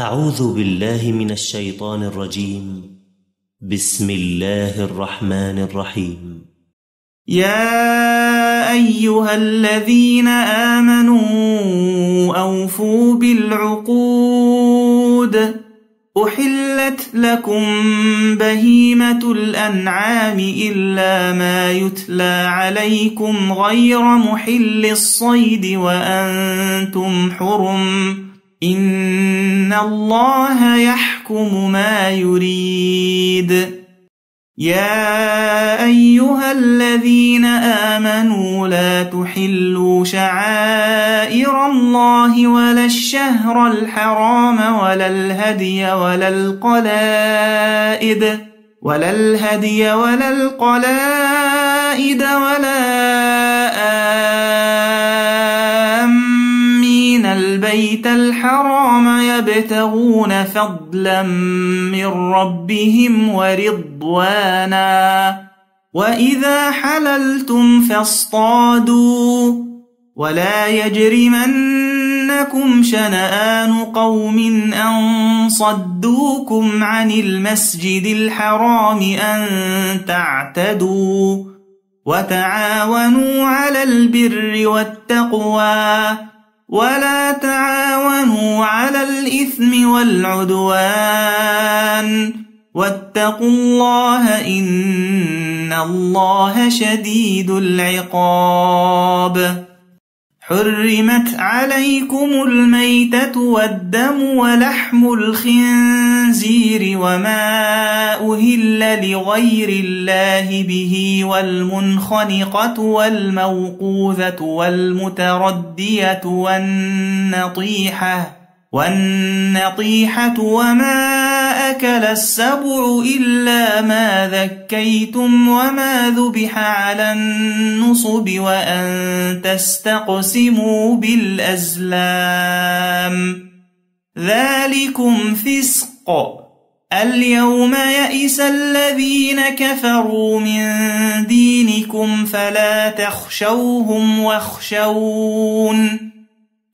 أعوذ بالله من الشيطان الرجيم بسم الله الرحمن الرحيم يا أيها الذين آمنوا أوفوا بالعقود أحلت لكم بهيمة الأنعام إلا ما يتلى عليكم غير محل الصيد وأنتم حرم إن الله يحكم ما يريد يا أيها الذين آمنوا لا تحلوا شعائر الله ولا الشهر الحرام ولا الهدي ولا القلائد ولا الهدي ولا القلائد ولا من البيت الحرام يبتغون فضلا من ربهم ورضوانا واذا حللتم فاصطادوا ولا يجرمنكم شنآن قوم أن صدوكم عن المسجد الحرام أن تعتدوا وتعاونوا على البر والتقوى ولا تعاونوا على الإثم والعدوان واتقوا الله إن الله شديد العقاب حرمت عليكم الميتة والدم ولحم الخنزير وما أهل لغير الله به والمنخنقة والموقوذة والمتردية والنطيحة والنطيحة وما يأكل السبع إلا ما ذكيتم وما ذبح على النصب وأن تستقسموا بالأزلام ذلكم فسق اليوم يئس الذين كفروا من دينكم فلا تخشوهم واخشون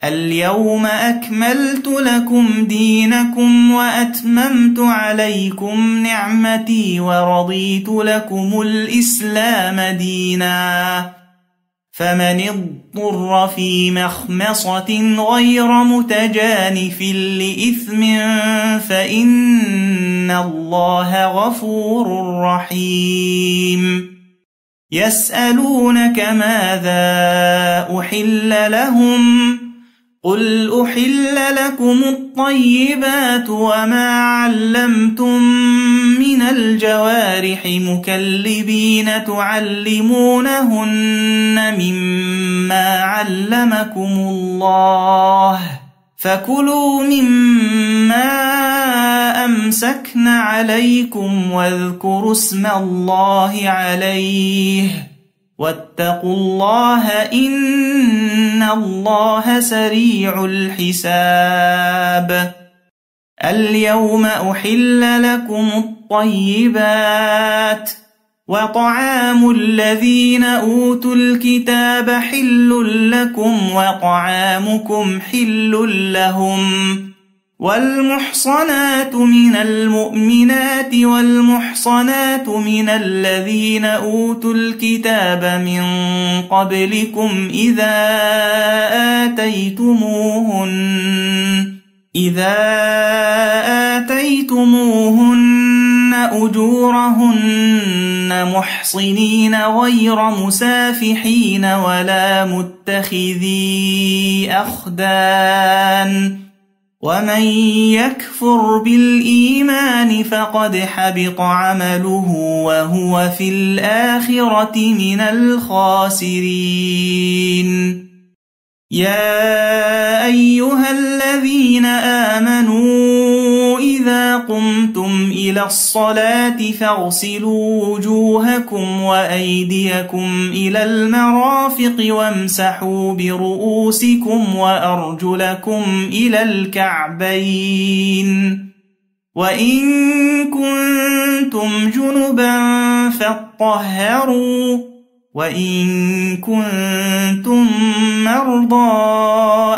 اليوم أكملت لكم دينكم وأتممت عليكم نعمتي ورضيت لكم الإسلام دينا فمن اضطر في مخمصة غير متجانف لإثم فإن الله غفور رحيم يسألونك ماذا أحل لهم؟ قل أحل لكم الطيبات وما علمتم من الجوارح مكلبين تعلمونهن مما علمكم الله فكلوا مما أمسكن عليكم واذكروا اسم الله عليه واتقوا الله إن الله سريع الحساب اليوم أحل لكم الطيبات وطعام الذين أوتوا الكتاب حل لكم وطعامكم حل لهم والمحصنات من المؤمنات والمحصنات من الذين أوتوا الكتاب من قبلكم إذا آتيتموهن إذا آتيتموهن أجورهن محصنين غير مسافحين ولا متخذي أخدان ومن يكفر بالإيمان فقد حبط عمله وهو في الآخرة من الخاسرين يا أيها الذين آمنوا إذا قمتم إلى الصلاة فاغسلوا وجوهكم وأيديكم إلى المرافق وامسحوا برؤوسكم وأرجلكم إلى الكعبين وإن كنتم جنبا فاطهروا وإن كنتم مرضى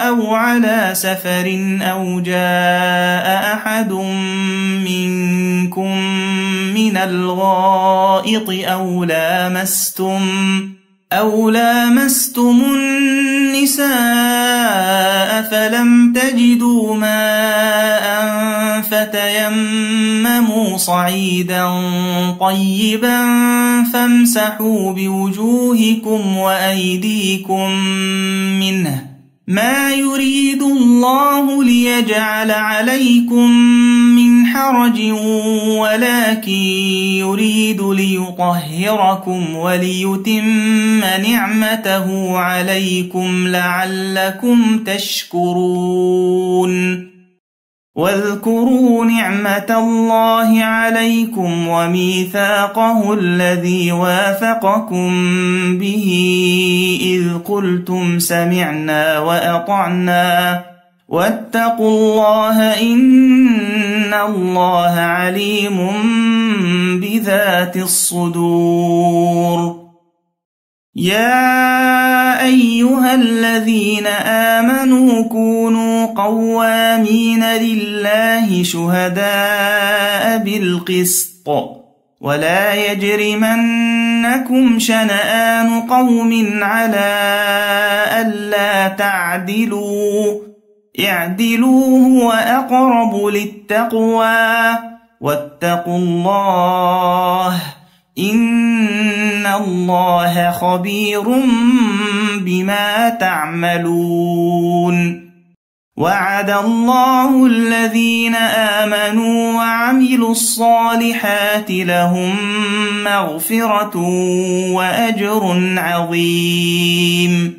أو على سفر أو جاء أحد منكم من الغائط أو لامستم أو لامستم النساء فلم تجدوا ماء فتيمموا صعيدا طيبا فامسحوا بوجوهكم وأيديكم منه ما يريد الله ليجعل عليكم من حرج ولكن يريد ليطهركم وليتم نعمته عليكم لعلكم تشكرون واذكروا نعمة الله عليكم وميثاقه الذي وافقكم به إذ قلتم سمعنا وأطعنا واتقوا الله إن الله عليم بذات الصدور يا أيها الذين آمنوا كونوا قوامين لله شهداء بالقسط ولا يجرمنكم شنآن قوم على ألا تعدلوا اعدلوا هو أقرب للتقوى واتقوا الله إن الله خبير بما تعملون وعد الله الذين آمنوا وعملوا الصالحات لهم مغفرة وأجر عظيم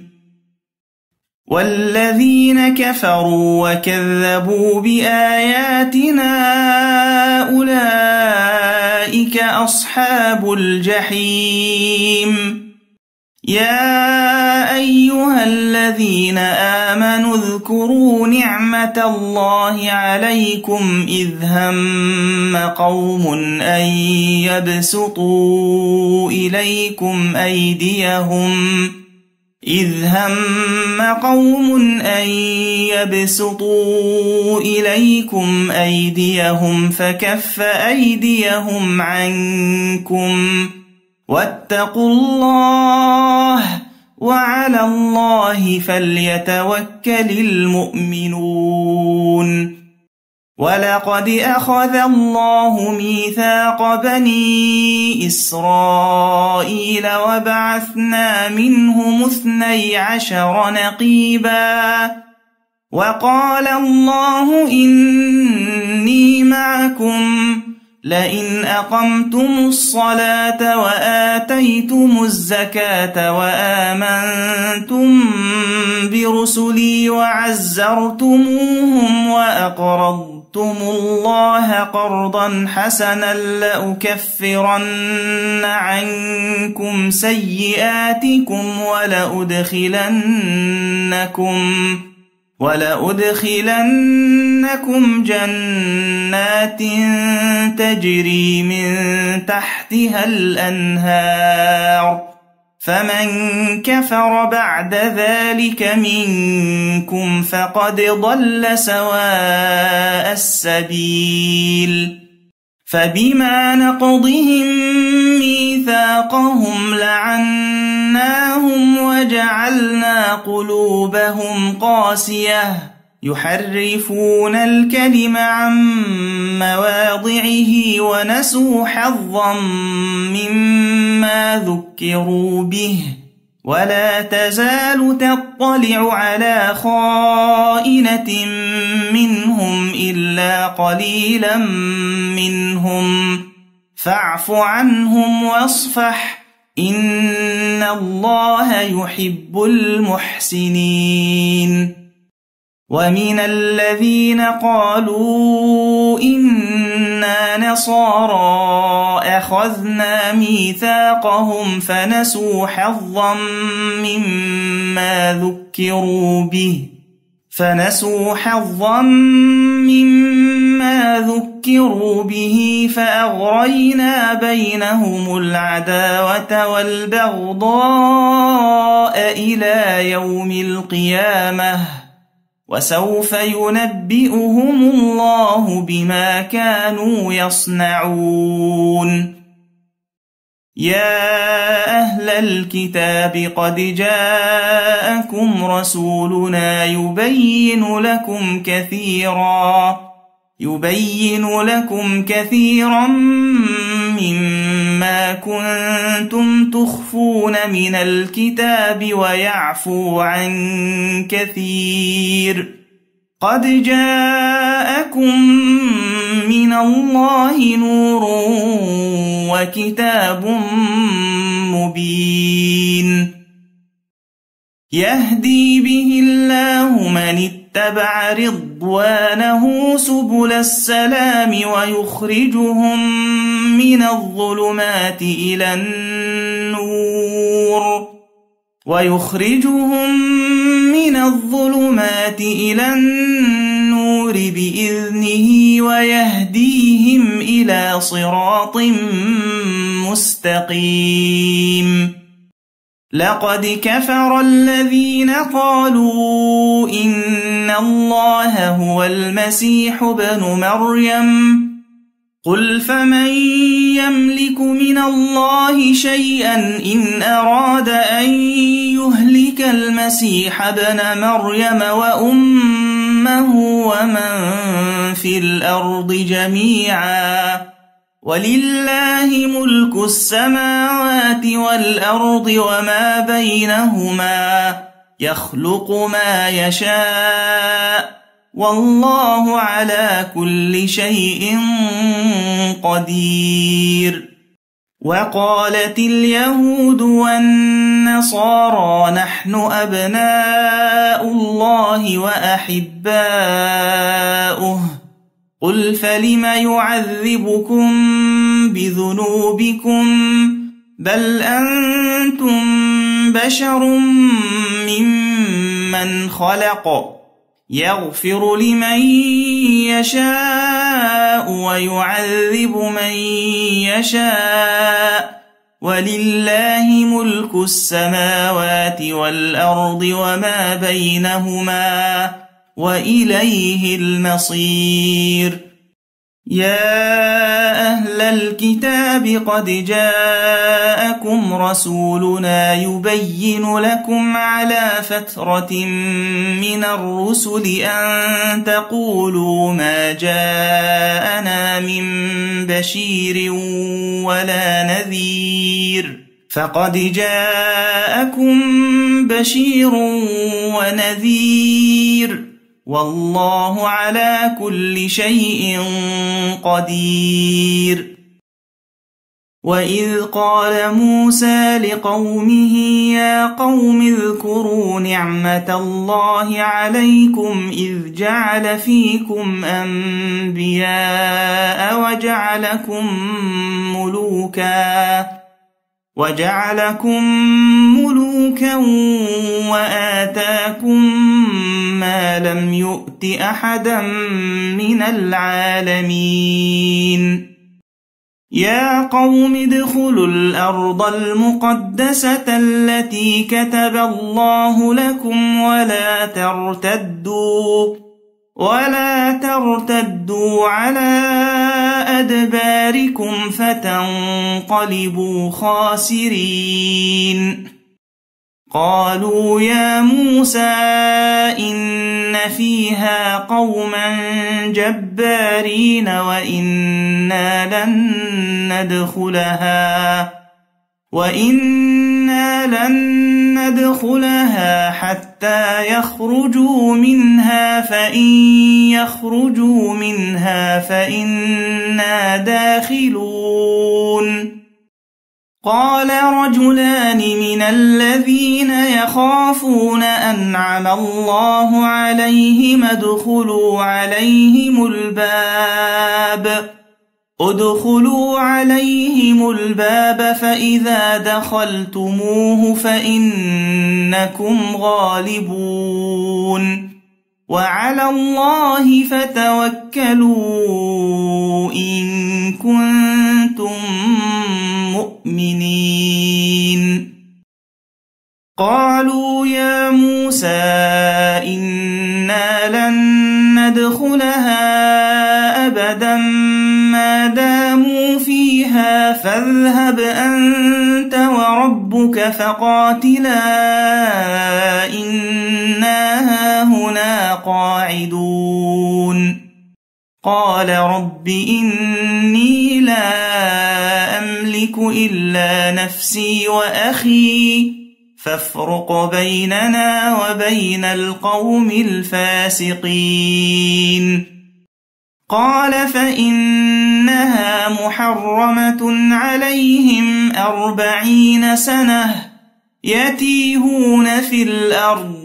والذين كفروا وكذبوا بآياتنا أولئك أولئك أصحاب الجحيم يا أيها الذين آمنوا اذكروا نعمة الله عليكم إذ هم قوم أن يبسطوا إليكم أيديهم إذ هم قوم أن يبسطوا إليكم أيديهم فكف أيديهم عنكم واتقوا الله وعلى الله فليتوكل المؤمنون ولقد أخذ الله ميثاق بني إسرائيل وبعثنا منهم اثني عشر نقيبا وقال الله إني معكم لئن أقمتم الصلاة وآتيتم الزكاة وآمنتم برسلي وعزرتموهم وأقرضتم قرضتم الله قرضا حسنا لأكفرن عنكم سيئاتكم ولأدخلنكم ولأدخلنكم جنات تجري من تحتها الأنهار فمن كفر بعد ذلك منكم فقد ضل سواء السبيل فبما نقضهم ميثاقهم لعناهم وجعلنا قلوبهم قاسيه يحرفون الكلم عن مواضعه ونسوا حظا مما ذكروا به ولا تزال تطلع على خائنة منهم إلا قليلا منهم فاعف عنهم واصفح إن الله يحب المحسنين ومن الذين قالوا إنا نصارى أخذنا ميثاقهم فنسوا حظا مما ذكروا به فنسوا حظا مما ذكروا به فأغرينا بينهم العداوة والبغضاء إلى يوم القيامة وسوف ينبئهم الله بما كانوا يصنعون يا أهل الكتاب قد جاءكم رسولنا يبين لكم كثيرا يبين لكم كثيرا مما كنتم تخفون من الكتاب ويعفو عن كثير قد جاءكم من الله نور وكتاب مبين يهدي به الله من اتبع رضوانه سبل السلام ويخرجهم من الظلمات إلى النور ويخرجهم من الظلمات إلى النور بإذنه ويهديهم إلى صراط مستقيم لقد كفر الذين قالوا إن الله هو المسيح بن مريم قل فمن يملك من الله شيئا إن أراد أن يهلك المسيح بن مريم وأمه ومن في الأرض جميعاً ولله ملك السماوات والأرض وما بينهما يخلق ما يشاء والله على كل شيء قدير وقالت اليهود والنصارى نحن أبناء الله وأحباؤه قل فلم يعذبكم بذنوبكم بل أنتم بشر ممن خلق يغفر لمن يشاء ويعذب من يشاء ولله ملك السماوات والأرض وما بينهما وإليه المصير يا أهل الكتاب قد جاءكم رسولنا يبين لكم على فترة من الرسل أن تقولوا ما جاءنا من بشير ولا نذير فقد جاءكم بشير ونذير والله على كل شيء قدير وإذ قال موسى لقومه يا قوم اذكروا نعمة الله عليكم إذ جعل فيكم أنبياء وجعلكم ملوكاً وجعلكم ملوكا وآتاكم ما لم يؤت أحدا من العالمين يا قوم ادخلوا الأرض المقدسة التي كتب الله لكم ولا ترتدوا ولا ترتدوا على أدباركم فتنقلبوا خاسرين قالوا يا موسى إن فيها قوما جبارين وإنا لن ندخلها وإنا لن ندخلها حتى يخرجوا منها فإن يخرجوا منها فإنا داخلون قال رجلان من الذين يخافون أنعم الله عليهم ادخلوا عليهم الباب ادخلوا عليهم الباب فإذا دخلتموه فإنكم غالبون وعلى الله فتوكلوا إن كنتم مؤمنين قالوا يا موسى إنا لن ندخلها أبداً فاذهب أنت وربك فقاتلا إنا هاهنا قاعدون قال رب إني لا أملك إلا نفسي وأخي فافرق بيننا وبين القوم الفاسقين قال فإنها محرمة عليهم أربعين سنة يتيهون في الأرض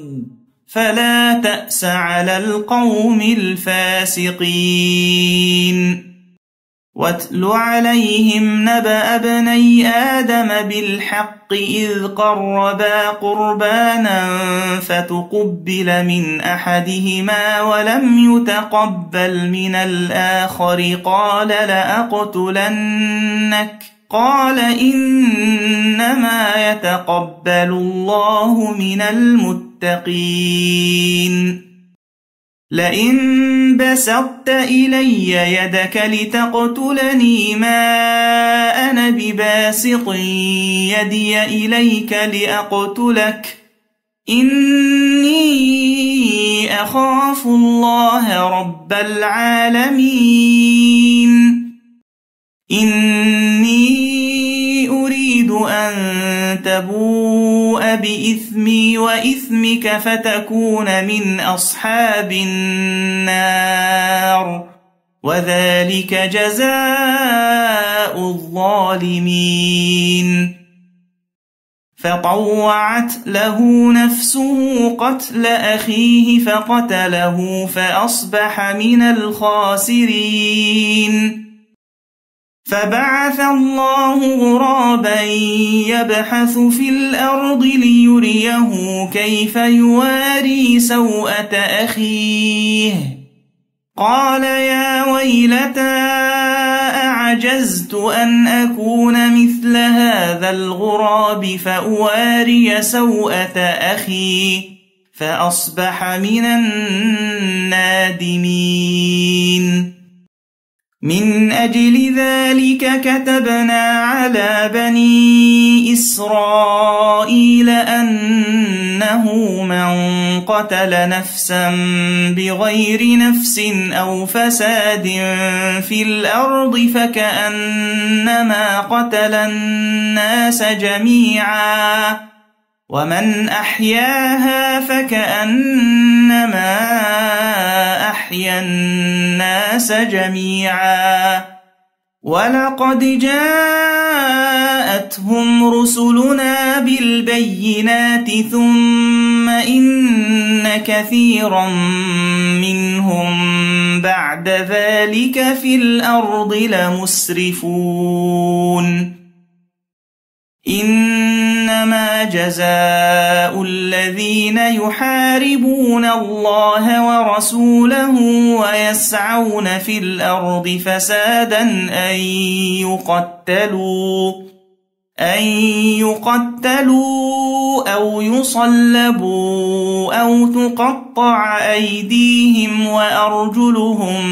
فلا تأس على القوم الفاسقين واتل عليهم نبأ ابني آدم بالحق إذ قربا قربانا فتقبل من أحدهما ولم يتقبل من الآخر قال لأقتلنك قال إنما يتقبل الله من المتقين لئن بسطت إلي يدك لتقتلني ما أنا بباسط يدي إليك لأقتلك إني أخاف الله رب العالمين أن تبوء بإثمي وإثمك فتكون من أصحاب النار وذلك جزاء الظالمين فطوعت له نفسه قتل أخيه فقتله فأصبح من الخاسرين فبعث الله غرابا يبحث في الأرض ليريه كيف يواري سوءة أخيه قال يا ويلتى أعجزت أن أكون مثل هذا الغراب فأواري سوءة أخي فأصبح من النادمين من أجل ذلك كتبنا على بني إسرائيل أنه من قتل نفسا بغير نفس أو فساد في الأرض فكأنما قتل الناس جميعا ومن أحياها فكأنما أحياها يحيي الناس جميعا ولقد جاءتهم رسلنا بالبينات ثم إن كثيرا منهم بعد ذلك في الأرض لمسرفون إن إنما جزاء الذين يحاربون الله ورسوله ويسعون في الأرض فسادا أن يقتلوا أن يقتلوا أو يصلبوا أو تقطع أيديهم وأرجلهم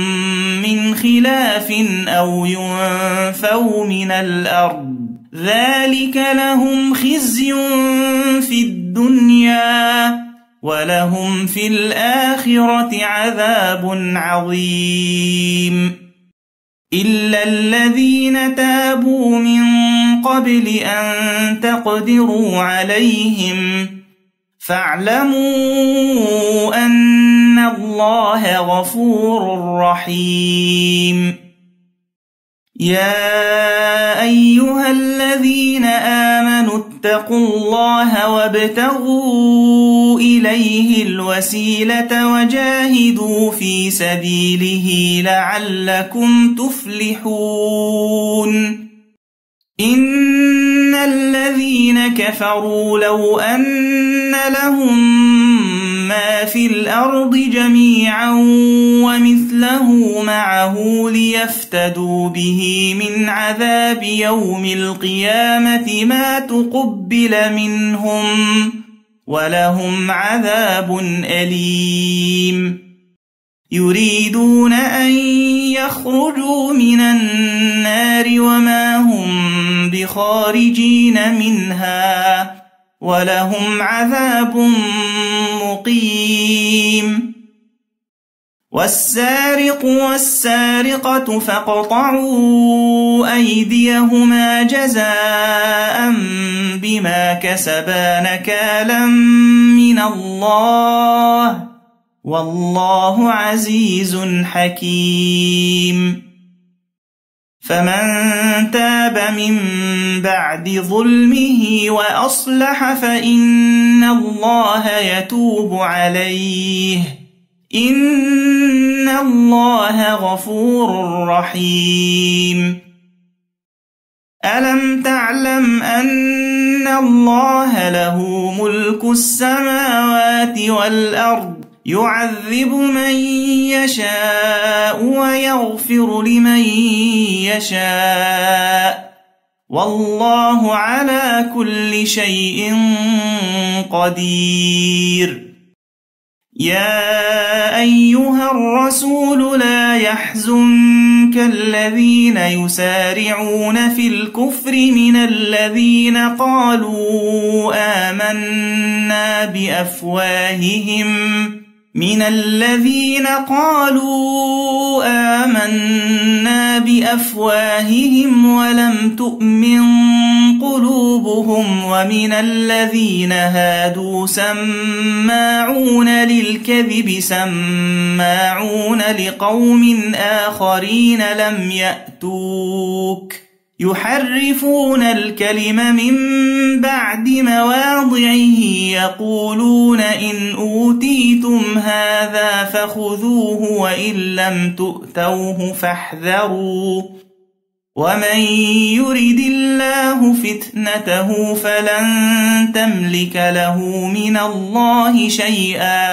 من خلاف أو ينفوا من الأرض ذلك لهم خزي في الدنيا ولهم في الآخرة عذاب عظيم إلا الذين تابوا من قبل أن تقدروا عليهم فاعلموا أن الله غفور رحيم يا أيها الذين آمنوا اتقوا الله وابتغوا إليه الوسيلة وجاهدوا في سبيله لعلكم تفلحون إن الذين كفروا لو أن لهم ما في الأرض جميعا ومثله معه ليفتدوا به من عذاب يوم القيامة ما تقبل منهم ولهم عذاب أليم يريدون أن يخرجوا من النار وما هم بخارجين منها ولهم عذاب مقيم والسارق والسارقة فاقطعوا أيديهما جزاء بما كسبا نكالا من الله والله عزيز حكيم فمن تاب من بعد ظلمه وأصلح فإن الله يتوب عليه إن الله غفور رحيم ألم تعلم أن الله له ملك السماوات والأرض يعذب من يشاء ويغفر لمن يشاء والله على كل شيء قدير يا أيها الرسول لا يحزنك الذين يسارعون في الكفر من الذين قالوا آمنا بأفواههم من الذين قالوا آمنا بأفواههم ولم تؤمن قلوبهم ومن الذين هادوا سماعون للكذب سماعون لقوم آخرين لم يأتوك يحرفون الكلم من بعد مواضعه يقولون إن أوتيتم هذا فخذوه وإن لم تؤتوه فاحذروا ومن يرد الله فتنته فلن تملك له من الله شيئا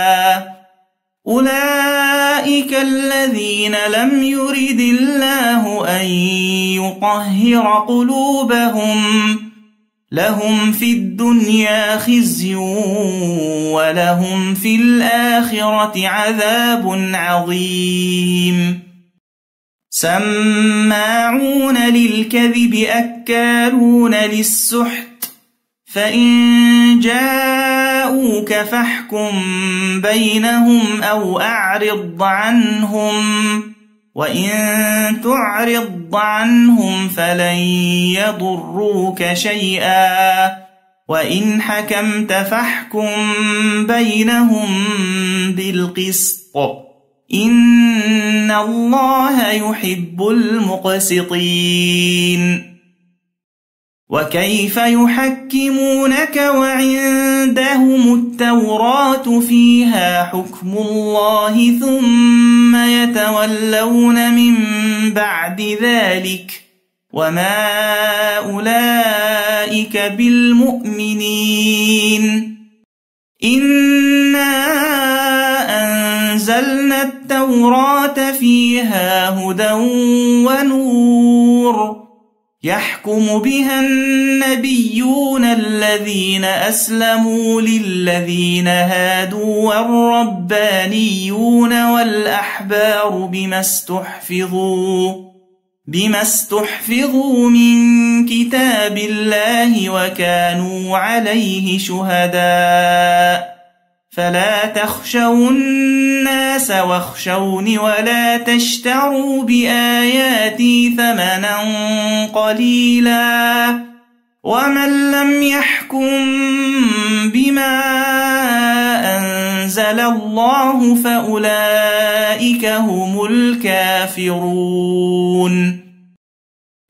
أولئك الذين لم يرد الله أن يطهر قلوبهم لهم في الدنيا خزي ولهم في الآخرة عذاب عظيم سماعون للكذب أكارون للسحت فإن جاءوا جاءوك فاحكم بينهم أو أعرض عنهم وإن تعرض عنهم فلن يضروك شيئا وإن حكمت فاحكم بينهم بالقسط إن الله يحب المقسطين وكيف يحكمونك وعندهم التوراة فيها حكم الله ثم يتولون من بعد ذلك وما أولئك بالمؤمنين إنا أنزلنا التوراة فيها هدى ونور يحكم بها النبيون الذين أسلموا للذين هادوا والربانيون والأحبار بما استحفظوا بما استحفظوا من كتاب الله وكانوا عليه شهداءً فلا تخشوا الناس واخشوني ولا تشتروا بآياتي ثمنا قليلا ومن لم يحكم بما أنزل الله فأولئك هم الكافرون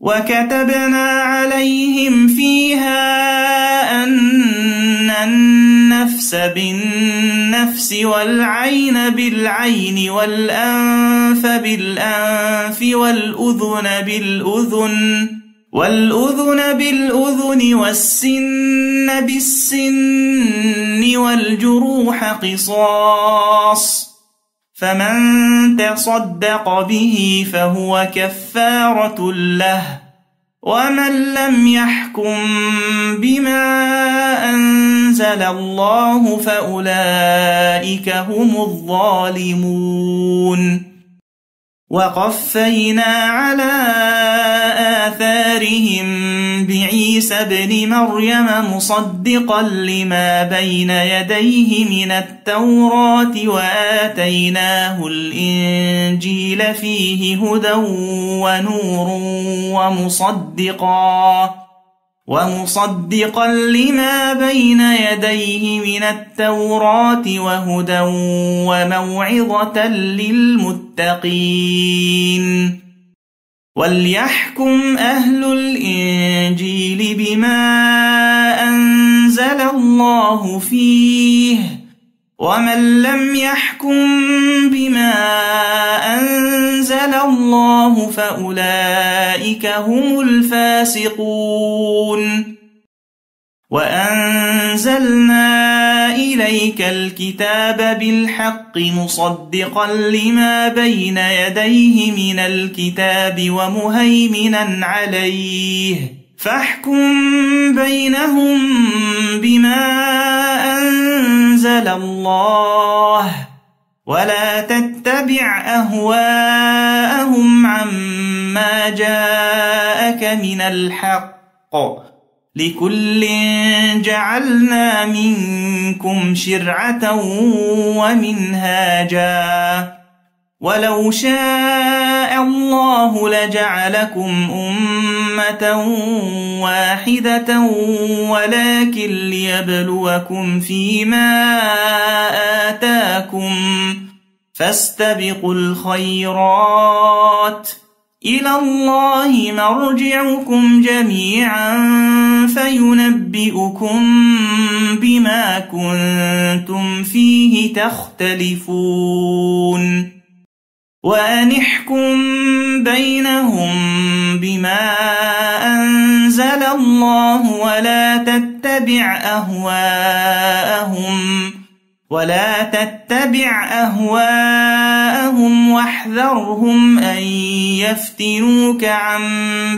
وكتبنا عليهم فيها أن النفس بالنفس والعين بالعين والأنف بالأنف والأذن بالأذن والأذن بالأذن والسن بالسن والجروح قصاص فمن تصدق به فهو كفارة له ومن لم يحكم بما أنزل الله فأولئك هم الظالمون وقفينا على آثارهم بعيسى ابن مريم مصدقا لما بين يديه من التوراة وآتيناه الإنجيل فيه هدى ونور ومصدقاً ومصدقا لما بين يديه من التوراة وهدى وموعظة للمتقين وليحكم أهل الإنجيل بما أنزل الله فيه ومن لم يحكم بما أنزل الله فأولئك هم الفاسقون وأنزلنا إليك الكتاب بالحق مصدقا لما بين يديه من الكتاب ومهيمنا عليه فاحكم بينهم بما على الله ولا تتبع أهواءهم عما جاءك من الحق لكل جعلنا منكم شرعة ومنهاجاً ولو شاء الله لجعلكم أمة واحدة ولكن ليبلوكم فيما آتاكم فاستبقوا الخيرات إلى الله مرجعكم جميعا فينبئكم بما كنتم فيه تختلفون وأنحكم بينهم بما أنزل الله ولا تتبع أهواءهم ولا تتبع أهواءهم واحذرهم أن يفتنوك عن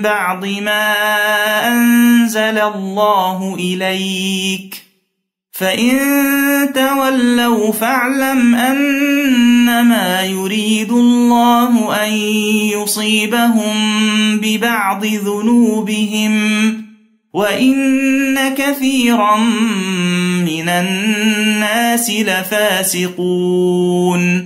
بعض ما أنزل الله إليك فإن تولوا فاعلم أنما يريد الله أن يصيبهم ببعض ذنوبهم وإن كثيرا من الناس لفاسقون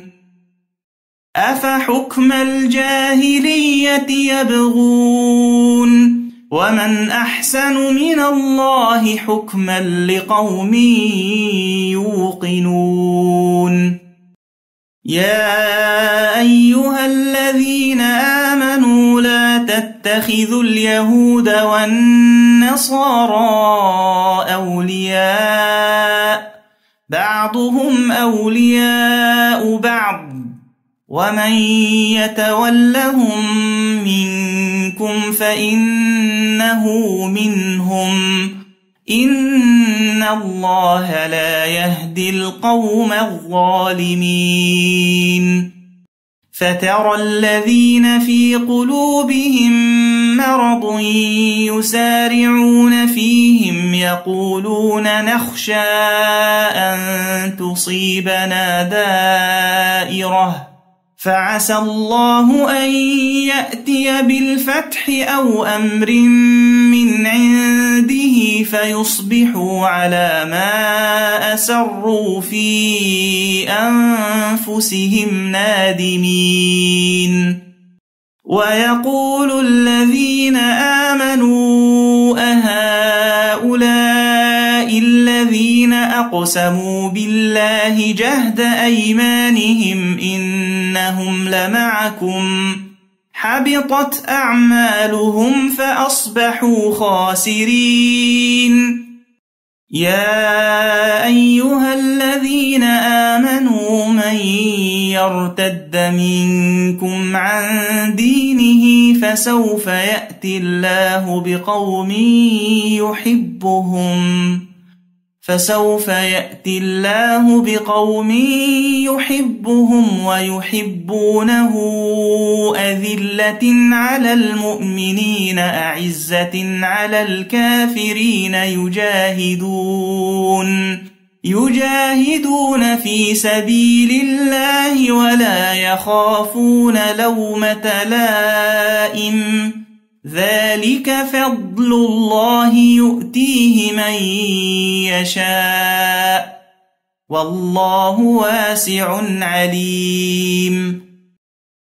أفحكم الجاهلية يبغون ومن أحسن من الله حكما لقوم يوقنون يا أيها الذين آمنوا لا تتخذوا اليهود والنصارى أولياء بعضهم أولياء بعض ومن يتولهم منكم فإن إنه منهم إن الله لا يهدي القوم الظالمين فترى الذين في قلوبهم مرض يسارعون فيهم يقولون نخشى أن تصيبنا دائرة فعسى الله أن يأتي بالفتح أو أمر من عنده فيصبحوا على ما أسروا في أنفسهم نادمين ويقول الذين آمنوا أهؤلاء أقسموا بالله جهد أيمانهم إنهم لمعكم حبطت أعمالهم فأصبحوا خاسرين يا أيها الذين آمنوا من يرتد منكم عن دينه فسوف يأتي الله بقوم يحبهم فسوف يأتي الله بقوم يحبهم ويحبونه أذلة على المؤمنين أعزة على الكافرين يجاهدون يجاهدون في سبيل الله ولا يخافون لومة لائم ذلك فضل الله يؤتيه من يشاء والله واسع عليم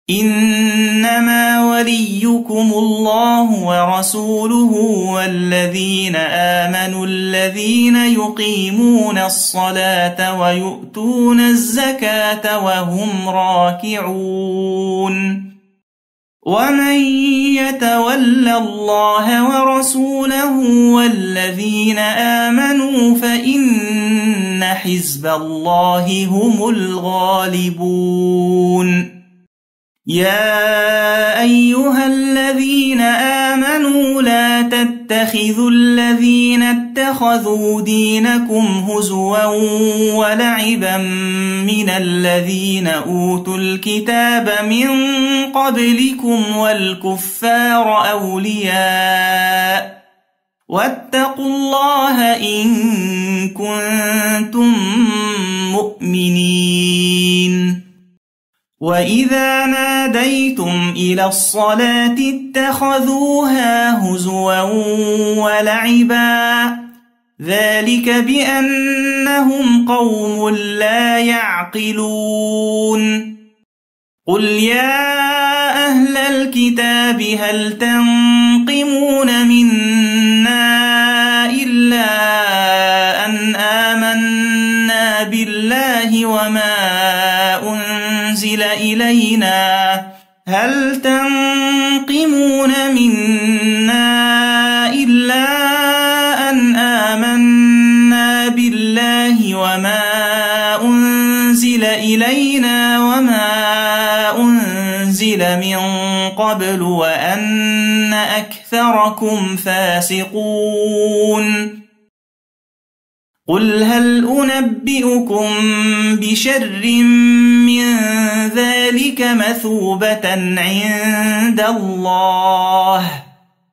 إنما وليكم الله ورسوله والذين آمنوا الذين يقيمون الصلاة ويؤتون الزكاة وهم راكعون ومن يتول الله ورسوله والذين آمنوا فإن حزب الله هم الغالبون يا أيها الذين آمنوا لا تتخذوا الذين اتخذوا دينكم هزوا ولعبا من الذين أوتوا الكتاب من قبلكم والكفار أولياء واتقوا الله إن كنتم مؤمنين وَإِذَا نَادَيْتُمْ إِلَى الصَّلَاةِ اتَّخَذُوهَا هُزُوًا وَلَعِبًا ذَلِكَ بِأَنَّهُمْ قَوْمٌ لَا يَعْقِلُونَ قُلْ يَا أَهْلَ الْكِتَابِ هَلْ تَنْقِمُونَ مِنَّا الله وما أنزل إلينا هل تنقمون منا إلا أن آمنا بالله وما أنزل إلينا وما أنزل من قبل وأن أكثركم فاسقون قل هل أنبئكم بشر من ذلك مثوبة عند الله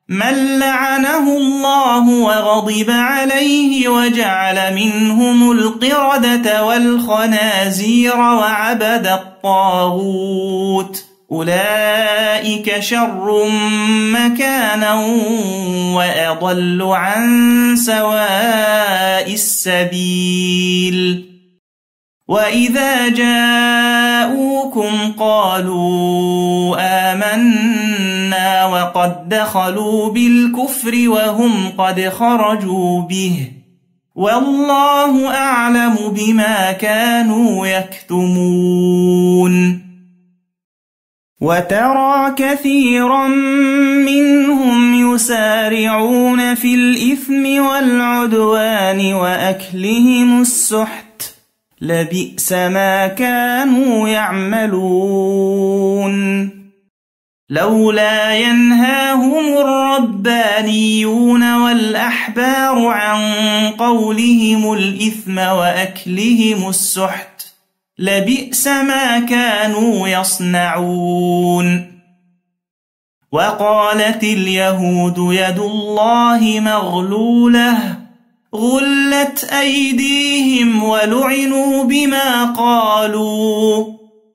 من لعنه الله وغضب عليه وجعل منهم القردة والخنازير وعبد الطاغوت أولئك شر مكانا وأضل عن سواء السبيل وإذا جاءوكم قالوا آمنا وقد دخلوا بالكفر وهم قد خرجوا به والله أعلم بما كانوا يكتمون وترى كثيرا منهم يسارعون في الإثم والعدوان وأكلهم السحت لبئس ما كانوا يعملون لولا ينهاهم الربانيون والأحبار عن قولهم الإثم وأكلهم السحت لبئس ما كانوا يصنعون وقالت اليهود يد الله مغلوله غلت أيديهم ولعنوا بما قالوا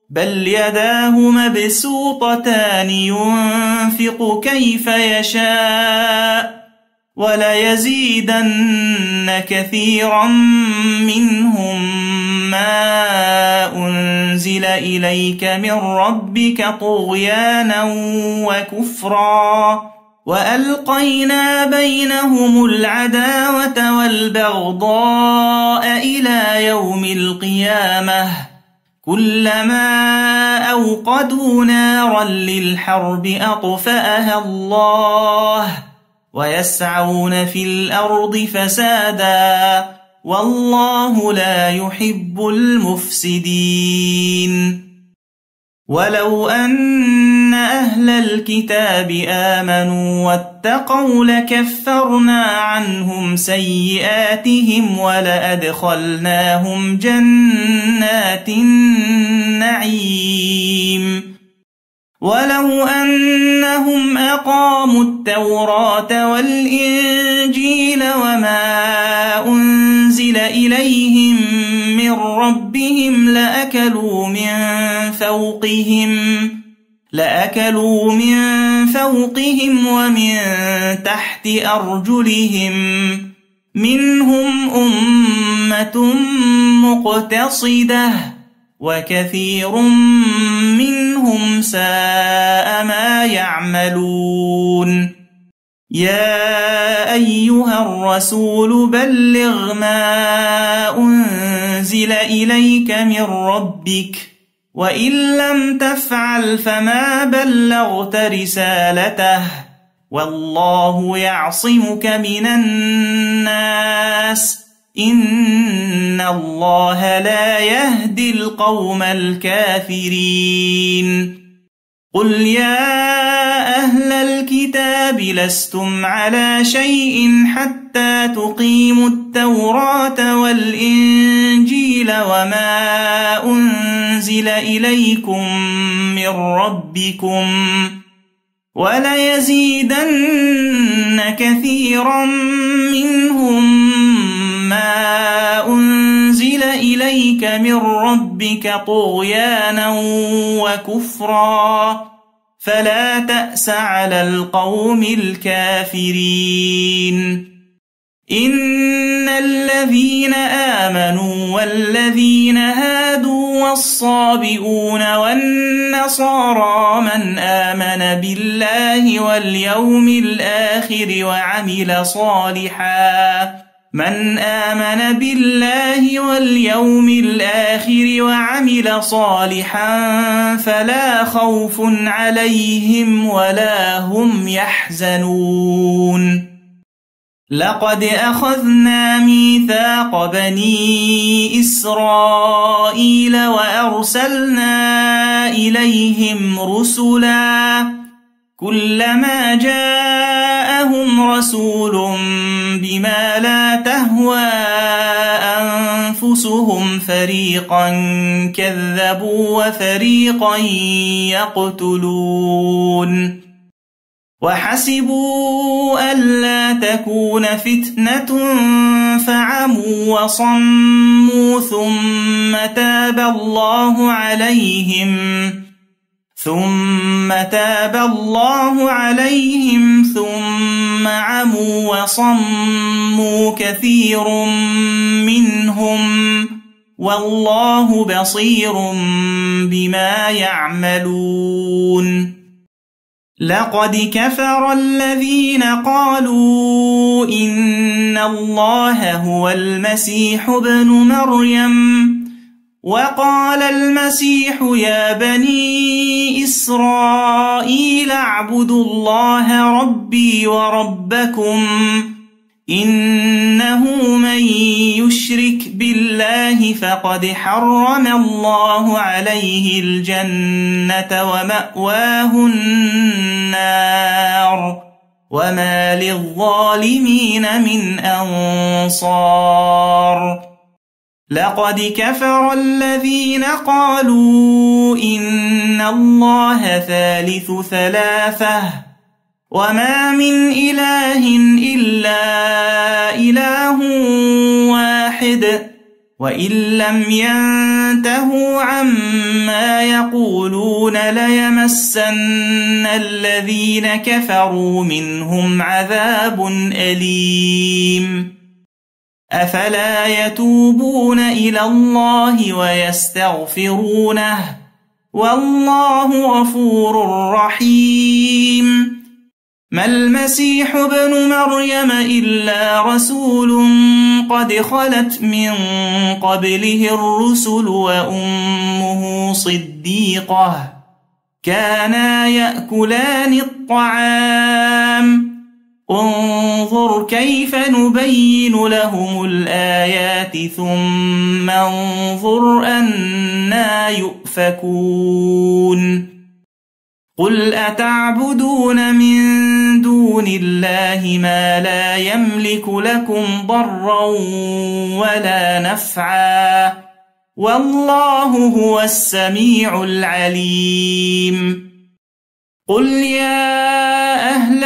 بل يداه مبسوطتان ينفق كيف يشاء وليزيدن كثيرا منهم ما أنزل إليك من ربك طغيانا وكفرا وألقينا بينهم العداوة والبغضاء إلى يوم القيامة كلما أوقدوا نارا للحرب أطفأها الله ويسعون في الأرض فساداً والله لا يحب المفسدين ولو أن أهل الكتاب آمنوا واتقوا لكفرنا عنهم سيئاتهم ولأدخلناهم جنات النعيم ولو أنهم أقاموا التوراة والإنجيل وما أنزل إليهم من ربهم لأكلوا من فوقهم لأكلوا من فوقهم ومن تحت أرجلهم منهم أمة مقتصدة وكثير منهم ساء ما يعملون يا أيها الرسول بلغ ما أنزل إليك من ربك وإن لم تفعل فما بلغت رسالته والله يعصمك من الناس إن الله لا يهدي القوم الكافرين قل يا أهل الكتاب لستم على شيء حتى تقيموا التوراة والإنجيل وما أنزل إليكم من ربكم وليزيدن كثيرا منهم ما أنزل إليك من ربك طغيانا وكفراً فلا تأس على القوم الكافرين إن الذين آمنوا والذين هادوا والصابئون والنصارى من آمن بالله واليوم الآخر وعمل صالحاً من آمن بالله واليوم الآخر وعمل صالحا فلا خوف عليهم ولا هم يحزنون لقد أخذنا ميثاق بني إسرائيل وأرسلنا إليهم رسلا كلما جاءوا جاءهم رسول بما لا تهوى أنفسهم فريقا كذبوا وفريقا يقتلون وحسبوا ألا تكون فتنة فعموا وصموا ثم تاب الله عليهم ثم تاب الله عليهم ثم عموا وصموا كثير منهم والله بصير بما يعملون لقد كفر الذين قالوا إن الله هو المسيح ابن مريم وقال المسيح يا بني إسرائيل اعبدوا الله ربي وربكم إنه من يشرك بالله فقد حرم الله عليه الجنة ومأواه النار وما للظالمين من أنصار لقد كفر الذين قالوا إن الله ثالث ثلاثة وما من إله إلا إله واحد وإن لم ينتهوا عما يقولون ليمسن الذين كفروا منهم عذاب أليم أفلا يتوبون إلى الله ويستغفرونه والله غفور رحيم ما المسيح ابن مريم إلا رسول قد خلت من قبله الرسل وأمه صديقة كانا يأكلان الطعام انظر كيف نبين لهم الآيات ثم انظر أنا يؤفكون قل أتعبدون من دون الله ما لا يملك لكم ضرا ولا نفعا والله هو السميع العليم قل يا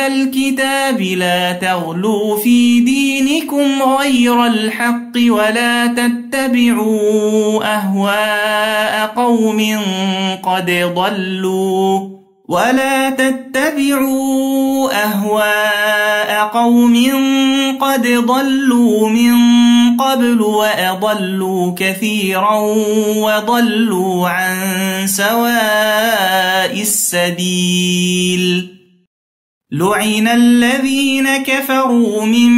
الكتاب لا تغلوا في دينكم غير الحق ولا تتبعوا أهواء قوم قد ضلوا ولا تتبعوا أهواء قوم قد ضلوا من قبل وأضلوا كثيرا وضلوا عن سواء السبيل لعن الذين كفروا من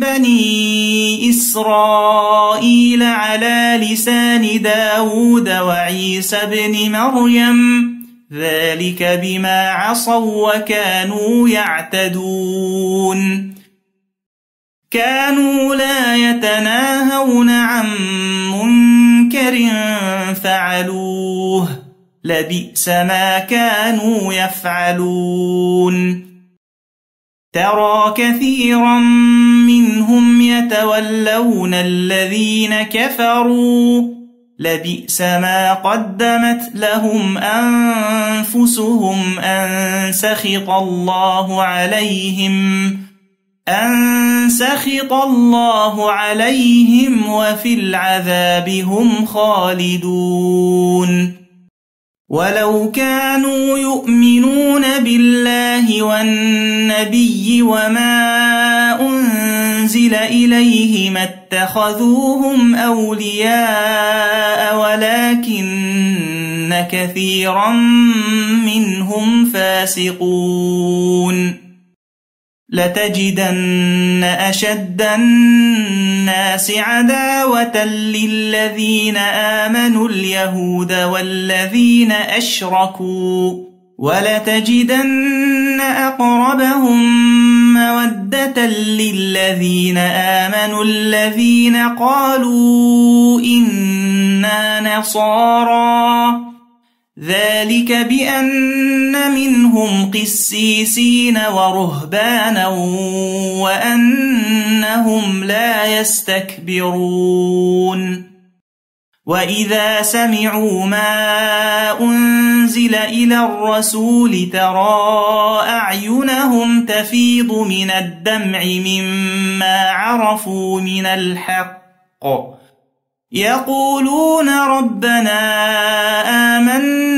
بني إسرائيل على لسان داود وعيسى بن مريم ذلك بما عصوا وكانوا يعتدون كانوا لا يتناهون عن منكر فعلوه لبئس ما كانوا يفعلون ترى كثيرا منهم يتولون الذين كفروا لبئس ما قدمت لهم أنفسهم أن سخط الله عليهم أن سخط الله عليهم وفي العذاب هم خالدون ولو كانوا يؤمنون بالله والنبي وما أنزل إليه ما اتخذوهم أولياء ولكن كثيرا منهم فاسقون لتجدن أشد الناس عداوة للذين آمنوا اليهود والذين أشركوا ولتجدن أقربهم مودة للذين آمنوا الذين قالوا إنا نصارى ذلك بأن منهم قسيسين ورهبانا وأنهم لا يستكبرون وإذا سمعوا ما أنزل إلى الرسول ترى أعينهم تفيض من الدمع مما عرفوا من الحق يقولون ربنا آمنا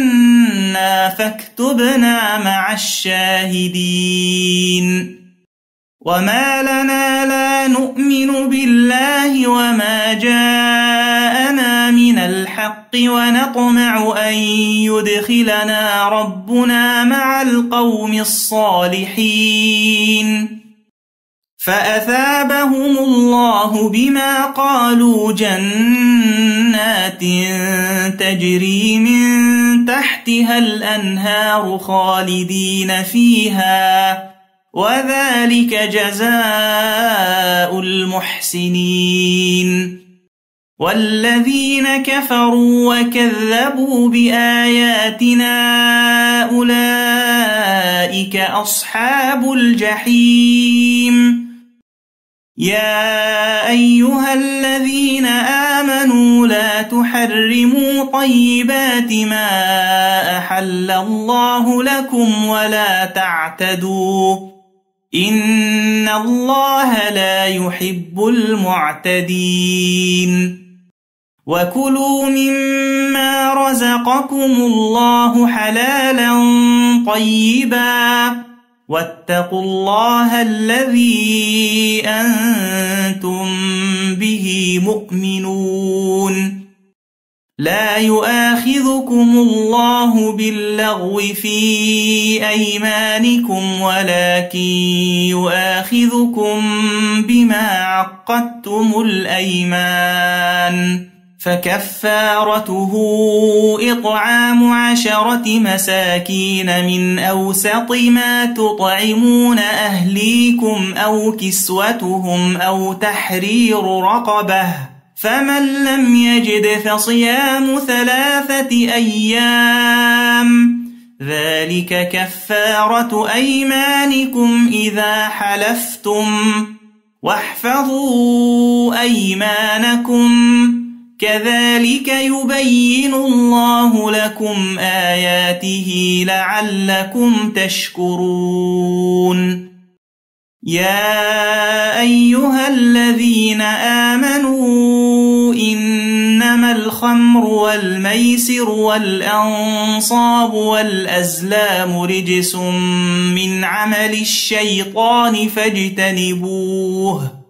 عنا فاكتبنا مع الشاهدين وما لنا لا نؤمن بالله وما جاءنا من الحق ونطمع أن يدخلنا ربنا مع القوم الصالحين فأثابهم الله بما قالوا جنة جنات تجري من تحتها الأنهار خالدين فيها وذلك جزاء المحسنين والذين كفروا وكذبوا بآياتنا أولئك أصحاب الجحيم يا أيها الذين آمنوا لا تحرموا طيبات ما أحل الله لكم ولا تعتدوا إن الله لا يحب المعتدين وكلوا مما رزقكم الله حلالا طيباً واتقوا الله الذي أنتم به مؤمنون لا يؤاخذكم الله باللغو في أيمانكم ولكن يؤاخذكم بما عقدتم الأيمان فكفارته إطعام عشرة مساكين من أوسط ما تطعمون أهليكم أو كسوتهم أو تحرير رقبة فمن لم يجد فصيام ثلاثة أيام ذلك كفارة أيمانكم إذا حلفتم واحفظوا أيمانكم كذلك يبين الله لكم آياته لعلكم تشكرون يا أيها الذين آمنوا إنما الخمر والميسر والأنصاب والأزلام رجس من عمل الشيطان فاجتنبوه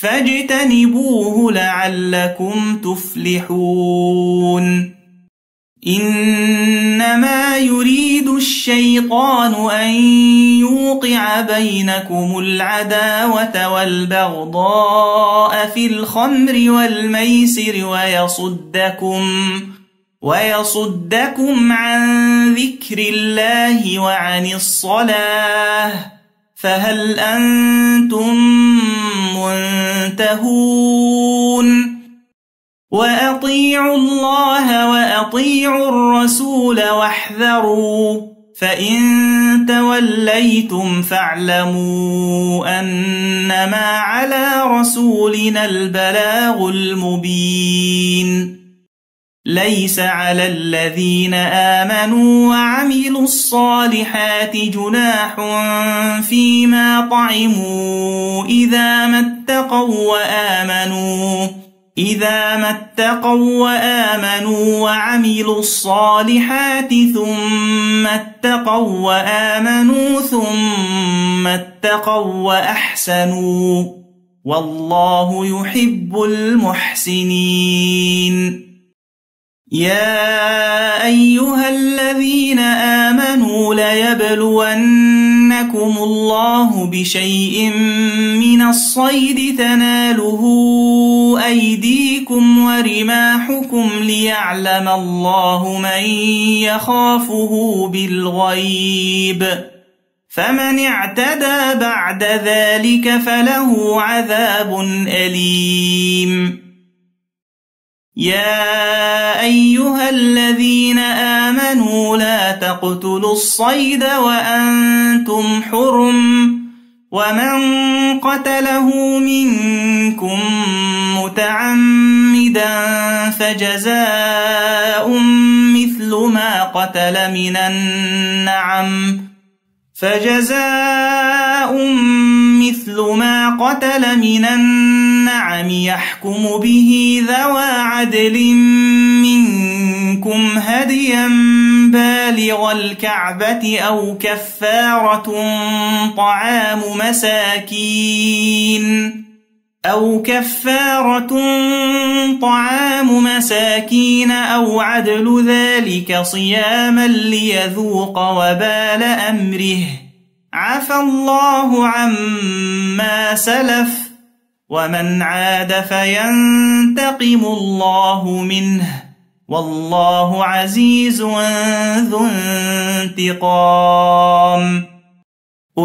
فاجتنبوه لعلكم تفلحون إنما يريد الشيطان أن يوقع بينكم العداوة والبغضاء في الخمر والميسر ويصدكم ويصدكم عن ذكر الله وعن الصلاه فهل أنتم منتهون وأطيعوا الله وأطيعوا الرسول واحذروا فإن توليتم فاعلموا أنما على رسولنا البلاغ المبين ليس على الذين آمنوا وعملوا الصالحات جناح فيما طعموا إذا ما اتقوا وآمنوا إذا ما اتقوا وآمنوا وعملوا الصالحات ثم اتقوا وآمنوا ثم اتقوا وأحسنوا والله يحب المحسنين يا أيها الذين آمنوا ليبلونكم الله بشيء من الصيد تناله أيديكم ورماحكم ليعلم الله من يخافه بالغيب فمن اعتدى بعد ذلك فله عذاب أليم يا أيها الذين آمنوا لا تقتلوا الصيد وأنتم حرم ومن قتله منكم متعمدا فجزاء مثل ما قتل من النعم فجزاء مثل ما قتل من النعم يحكم به ذوى عدل منكم هديا بالغ الكعبة أو كفارة طعام مساكين أو كفارة طعام مساكين أو عدل ذلك صياما ليذوق وبال أمره عفى الله عما سلف ومن عاد فينتقم الله منه والله عزيز ذو انتقام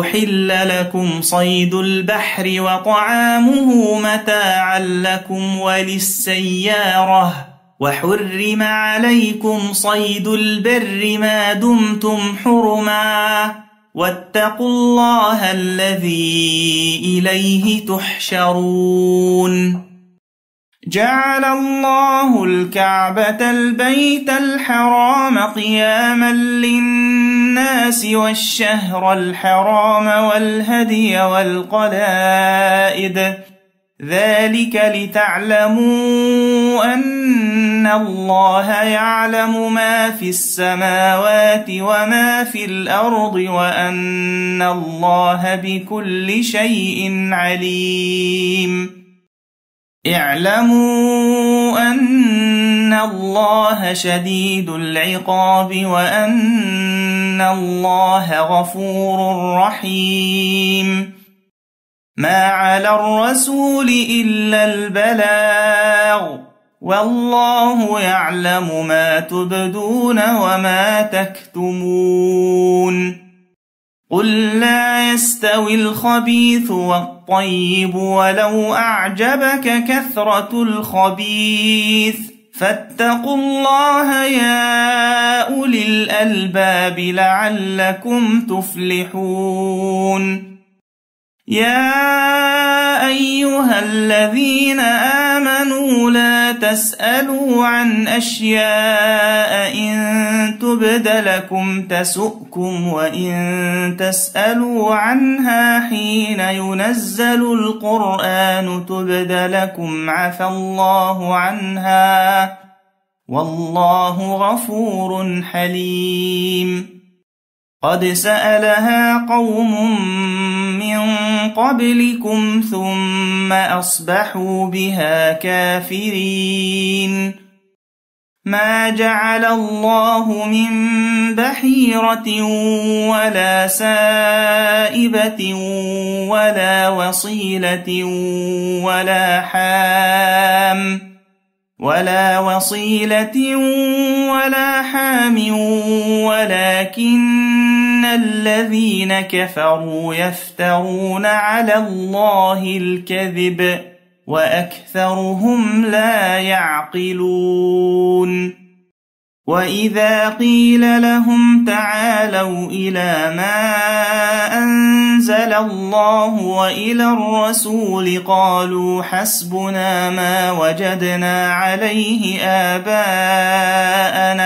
أحل لكم صيد البحر وطعامه متاعا لكم وللسيارة وحرم عليكم صيد البر ما دمتم حرماً واتقوا الله الذي إليه تحشرون جعل الله الكعبة البيت الحرام قياما للناس والشهر الحرام والهدي والقلائد ذلك لتعلموا أن إن الله يعلم ما في السماوات وما في الأرض وأن الله بكل شيء عليم اعلموا أن الله شديد العقاب وأن الله غفور رحيم ما على الرسول إلا البلاغ والله يعلم ما تبدون وما تكتمون قل لا يستوي الخبيث والطيب ولو أعجبك كثرة الخبيث فاتقوا الله يا أولي الألباب لعلكم تفلحون يا أيها الذين آمنوا لا تسألوا عن أشياء إن تبد لكم تسؤكم وإن تسألوا عنها حين ينزل القرآن تبد لكم عفى الله عنها والله غفور حليم قد سألها قوم من قبلكم ثم أصبحوا بها كافرين ما جعل الله من بحيرة ولا سائبة ولا وصيلة ولا حام ولا وصيلة ولا حام ولكن إن الذين كفروا يفترون على الله الكذب وأكثرهم لا يعقلون وإذا قيل لهم تعالوا إلى ما أنزل الله وإلى الرسول قالوا حسبنا ما وجدنا عليه آباءنا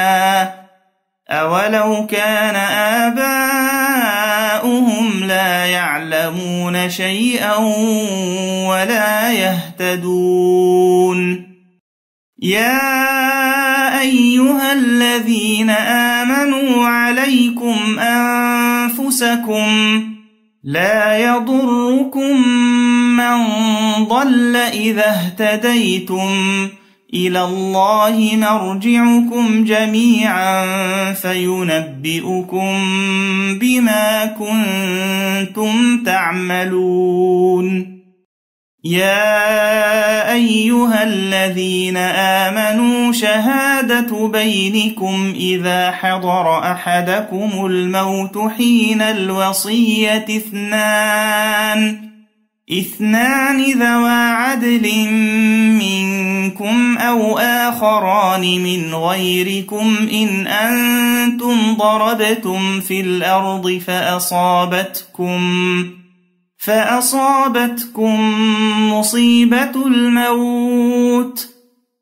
أولو كان آباؤهم لا يعلمون شيئا ولا يهتدون يا أيها الذين آمنوا عليكم أنفسكم لا يضركم من ضل إذا اهتديتم إلى الله نرجعكم جميعا فينبئكم بما كنتم تعملون يا أيها الذين آمنوا شهادة بينكم إذا حضر أحدكم الموت حين الوصية اثنان اثنان ذوى عدل من منكم أو آخران من غيركم إن أنتم ضربتم في الأرض فأصابتكم فأصابتكم مصيبة الموت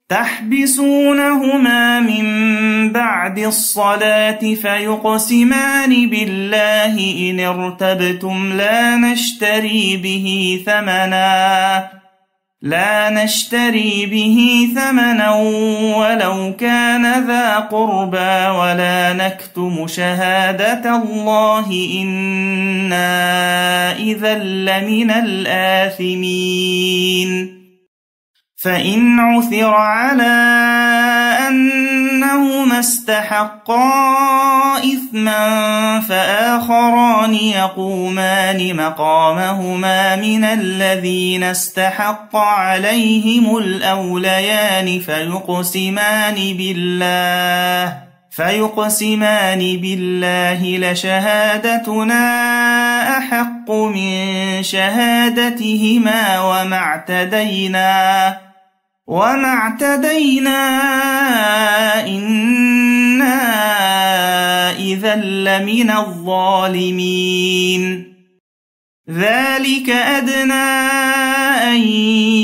تحبسونهما من بعد الصلاة فيقسمان بالله إن ارتبتم لا نشتري به ثمناً لا نشتري به ثمنا ولو كان ذا قربى ولا نكتم شهادة الله إنا إذا لمن الآثمين فإن عثر على أن أنهما استحقا إثما فآخران يقومان مقامهما من الذين استحق عليهم الأوليان فيقسمان بالله فيقسمان بالله لشهادتنا أحق من شهادتهما وما اعتدينا وما اعتدينا إنا إذا لمن الظالمين ذلك أدنى أن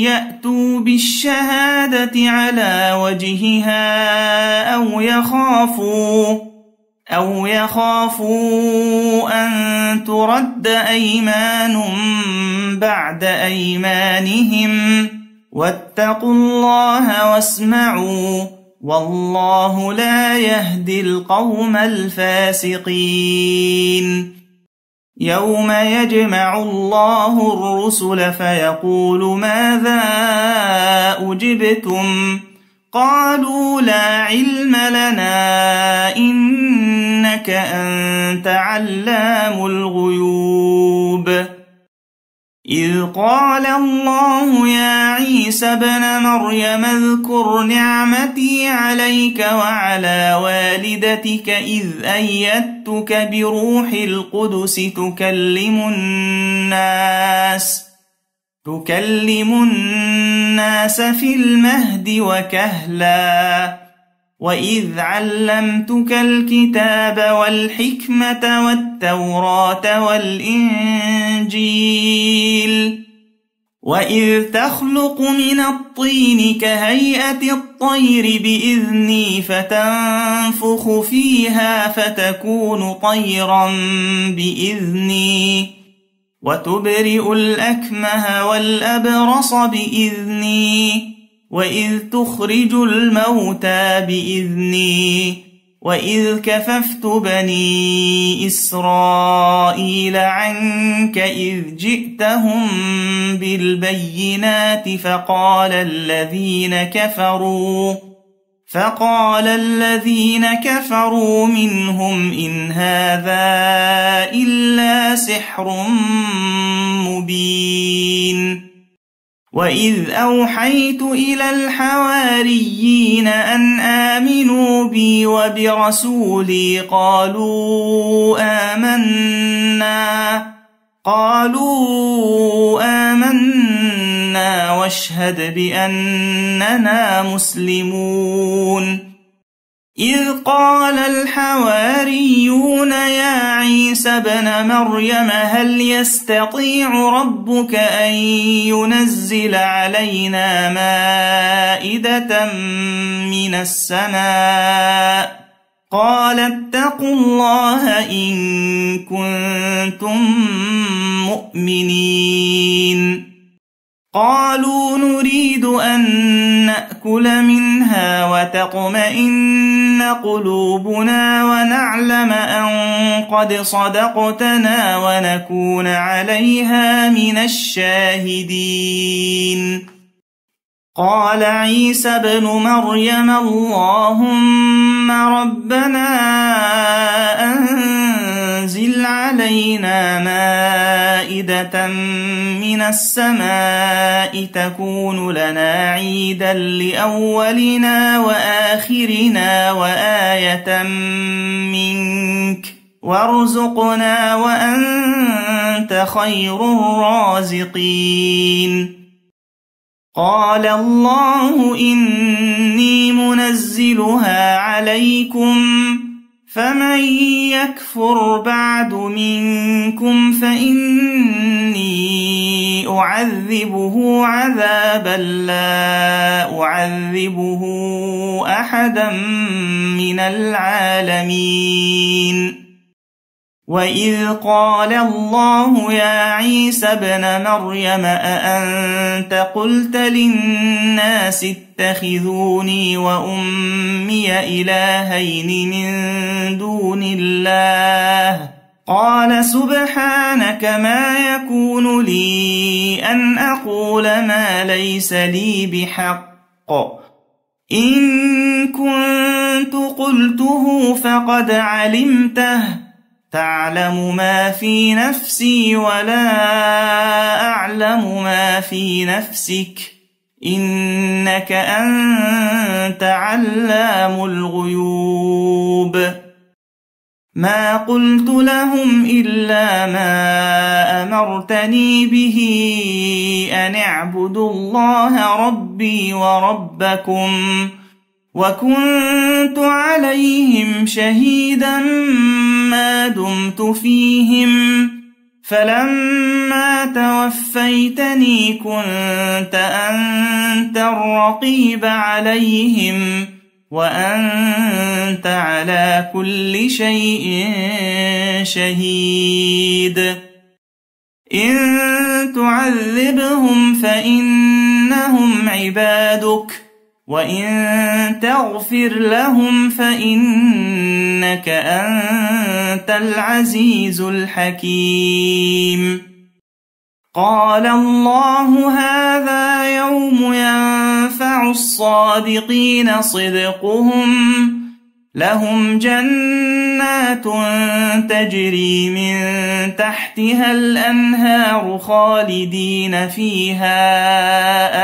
يأتوا بالشهادة على وجهها أو يخافوا أو يخافوا أن ترد أيمان بعد أيمانهم وت فاتقوا الله واسمعوا والله لا يهدي القوم الفاسقين يوم يجمع الله الرسل فيقول ماذا أجبتم قالوا لا علم لنا إنك أنت علام الغيوب إذ قال الله يا عيسى ابن مريم اذكر نعمتي عليك وعلى والدتك إذ أيدتك بروح القدس تكلم الناس تكلم الناس في المهد وكهلاً وإذ علمتك الكتاب والحكمة والتوراة والإنجيل وإذ تخلق من الطين كهيئة الطير بإذني فتنفخ فيها فتكون طيرا بإذني وتبرئ الأكمه والأبرص بإذني وإذ تخرج الموتى بإذني وإذ كففت بني إسرائيل عنك إذ جئتهم بالبينات فقال الذين كفروا فقال الذين كفروا منهم إن هذا إلا سحر مبين وإذ أوحيت إلى الحواريين أن آمنوا بي وبرسولي قالوا آمنا قالوا آمنا واشهد بأننا مسلمون إذ قال الحواريون يا عيسى بن مريم هل يستطيع ربك أن ينزل علينا مائدة من السماء قال اتقوا الله إن كنتم مؤمنين قالوا نريد أن نأكل منها وتطمئن قلوبنا ونعلم أن قد صدقتنا ونكون عليها من الشاهدين قال عيسى ابن مريم اللهم ربنا أن أنزل علينا مائدة من السماء تكون لنا عيدا لأولنا وآخرنا وآية منك وارزقنا وأنت خير الرازقين قال الله إني منزلها عليكم فمن يكفر بعد منكم فإني أعذبه عذابا لا أعذبه أحدا من العالمين وإذ قال الله يا عيسى ابن مريم أأنت قلت للناس اتخذوني وأمي إلهين من دون الله قال سبحانك ما يكون لي أن أقول ما ليس لي بحق إن كنت قلته فقد علمته تعلم ما في نفسي ولا أعلم ما في نفسك إنك أنت علام الغيوب ما قلت لهم إلا ما أمرتني به أن اعبدوا الله ربي وربكم ۖ وكنت عليهم شهيدا ما دمت فيهم فلما توفيتني كنت أنت الرقيب عليهم وأنت على كل شيء شهيد إن تعذبهم فإنهم عبادك وإن تغفر لهم فإنك أنت العزيز الحكيم قال الله هذا يوم ينفع الصادقين صدقهم لهم جنات تجري من تحتها الأنهار خالدين فيها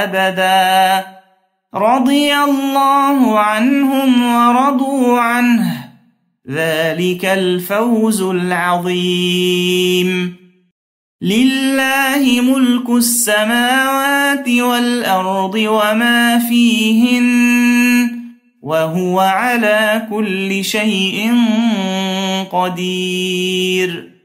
أبداً رضي الله عنهم ورضوا عنه ذلك الفوز العظيم لله ملك السماوات والأرض وما فيهن وهو على كل شيء قدير